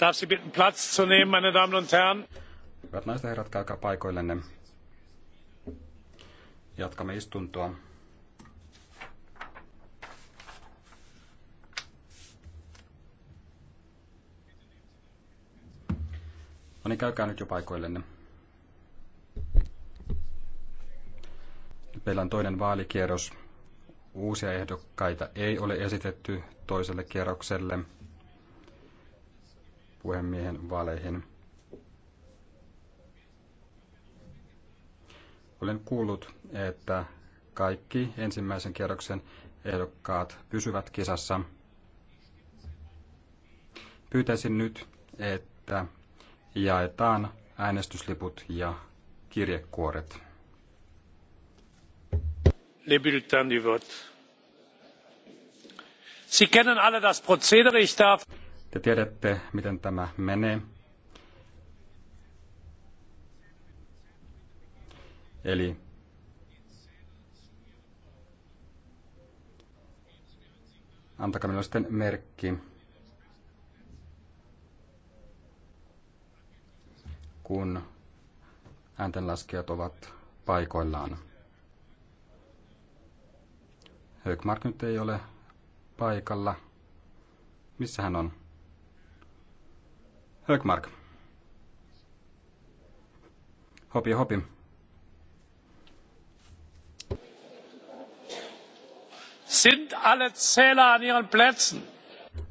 Darf Sie bitten Platz zu nehmen, meine Damen und Herren? Hyvät naiset ja herrat, käykää paikoillenne. Jatkamme istuntoa. No niin, käykää nyt jo paikoillenne. meillä on toinen vaalikierros. Uusia ehdokkaita ei ole esitetty toiselle kierrokselle puhemiehen vaaleihin. Olen kuullut, että kaikki ensimmäisen kierroksen ehdokkaat pysyvät kisassa. Pyytäisin nyt, että jaetaan äänestysliput ja kirjekuoret. Les bulletins du vote. Sie kennen alle das Prozedere. Ich darf te tiedätte, miten tämä menee. Eli antakaa minulle sitten merkki, kun ääntenlaskijat ovat paikoillaan. Högmark nyt ei ole paikalla. Missä hän on? Högmark. Hopi, hopi. Sind alle Zähler an ihren Plätzen?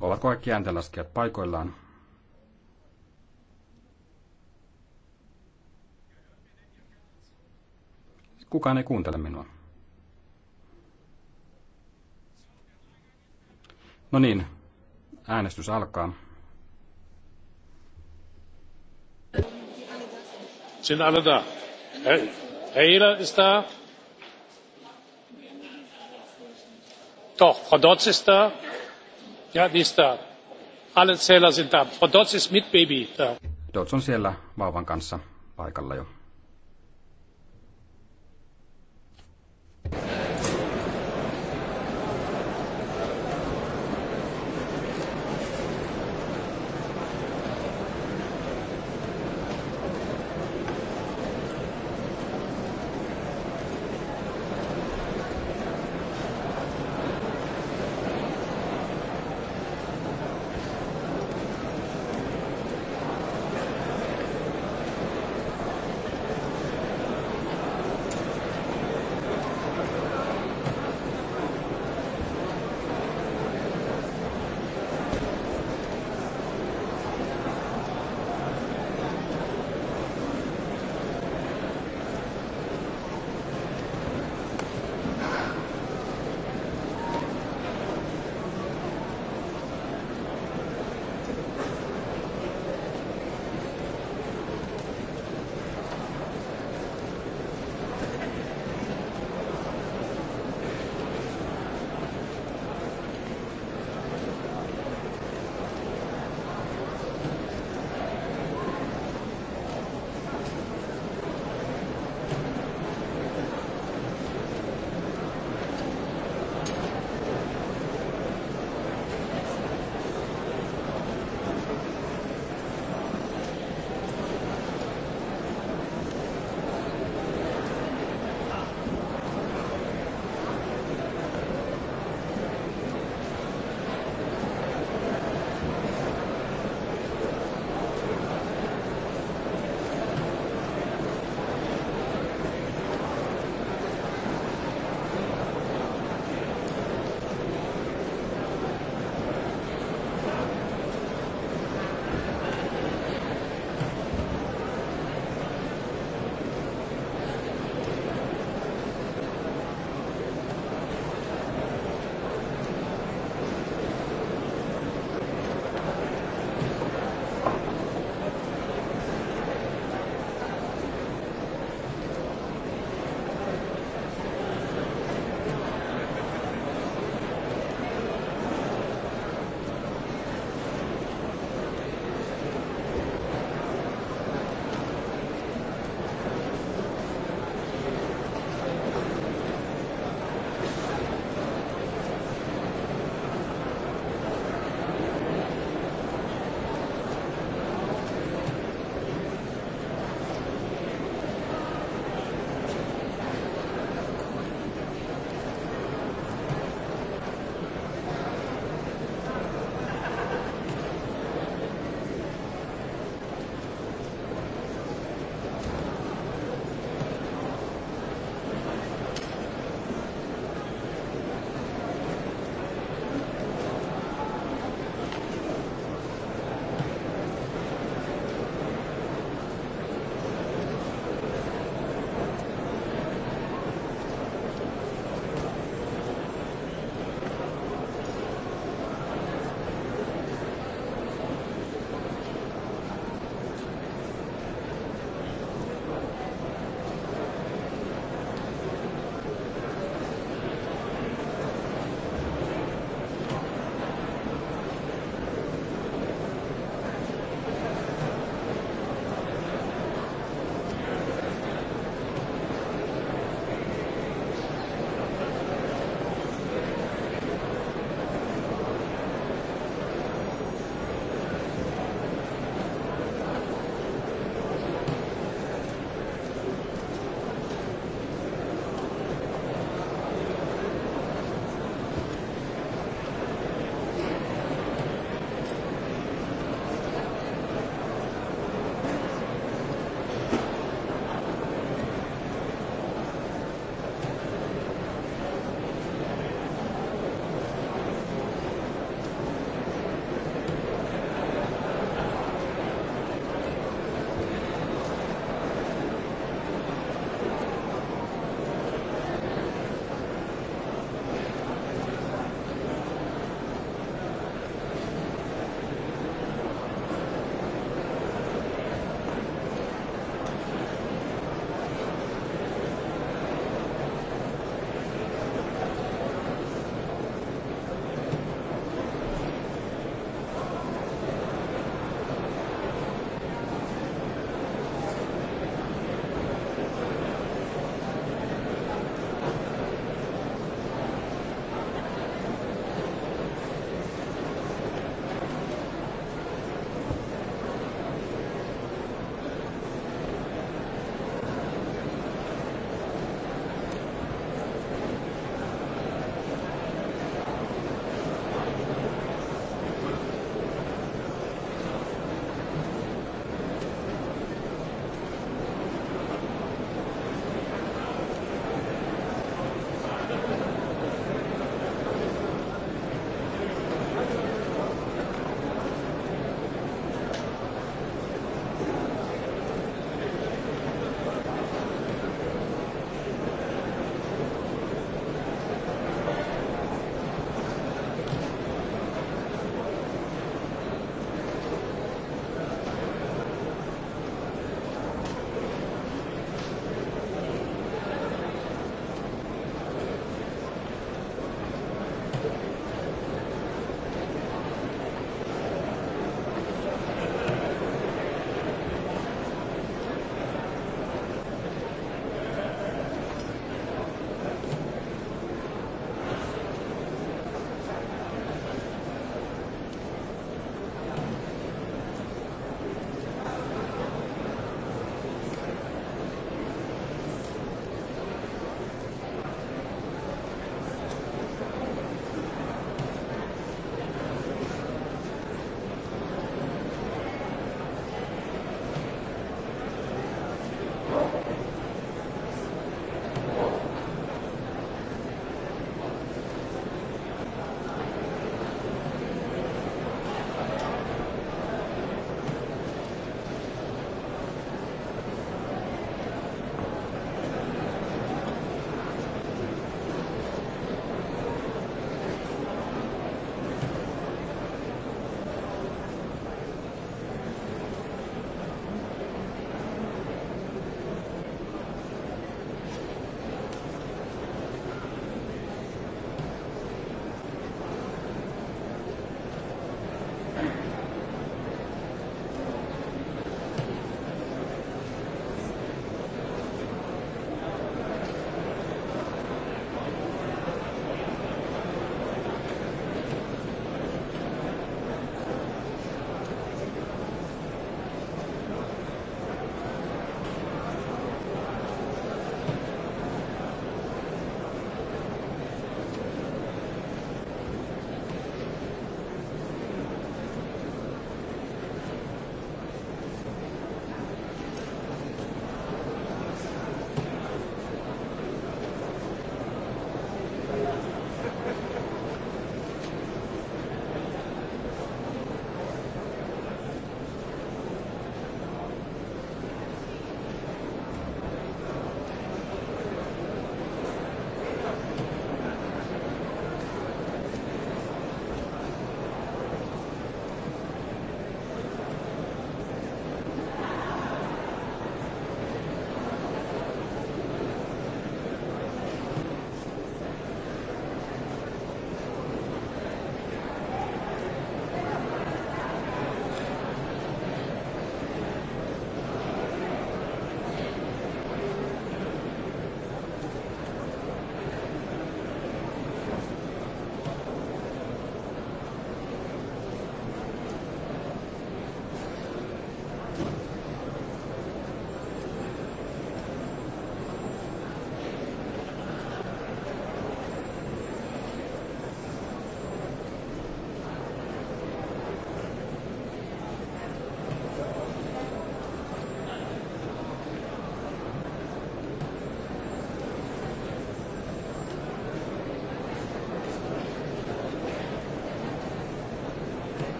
Ovatko kaikki ääntenlaskijat paikoillaan? Kukaan ei kuuntele minua. No niin, äänestys alkaa. sind alle da? herr ehler ist da? doch frau dodds ist da? ja die ist da. alle zähler sind da. frau dodds ist mit baby da. dodds on siellä vauvan kanssa paikalla jo.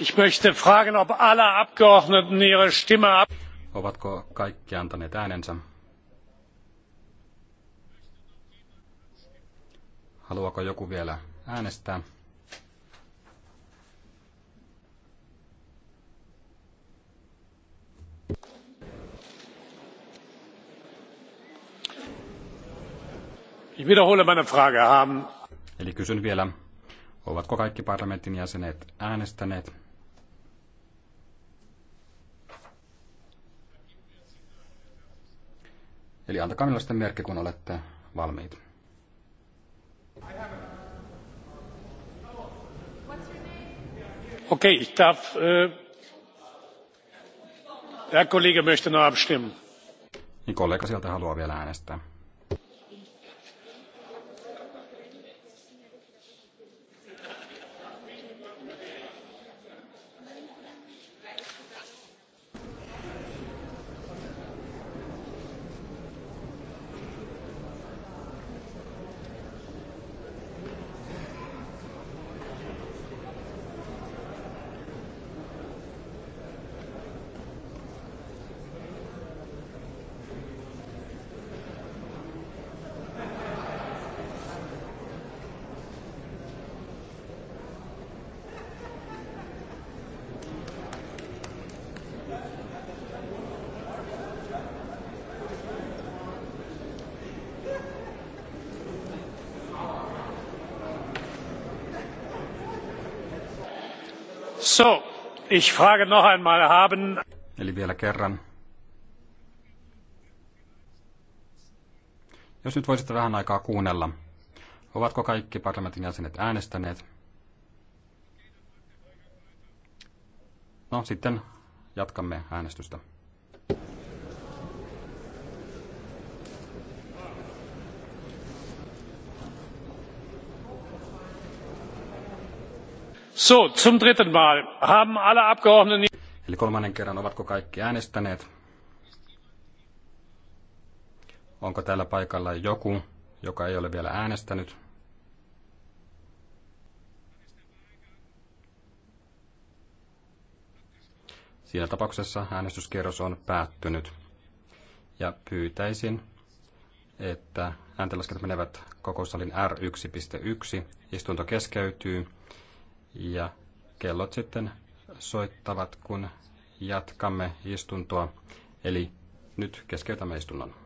Ich möchte fragen, ob alle Abgeordneten ihre Stimme Ovatko kaikki antaneet äänensä? Haluaako joku vielä äänestää? Ich wiederhole meine Frage. Haben Eli kysyn vielä, ovatko kaikki parlamentin jäsenet äänestäneet? Eli antakaa minulle sitten merkki, kun olette valmiit. Okei, okay, ich darf, äh, Herr Kollege möchte noch abstimmen. Niin kollega sieltä haluaa vielä äänestää. So, ich frage noch einmal, haben... Eli vielä kerran. Jos nyt voisitte vähän aikaa kuunnella, ovatko kaikki parlamentin jäsenet äänestäneet? No sitten jatkamme äänestystä. Eli kolmannen kerran, ovatko kaikki äänestäneet? Onko täällä paikalla joku, joka ei ole vielä äänestänyt? Siinä tapauksessa äänestyskierros on päättynyt. Ja pyytäisin, että ääntenlasket menevät kokoussalin R1.1, istunto keskeytyy ja kellot sitten soittavat, kun jatkamme istuntoa. Eli nyt keskeytämme istunnon.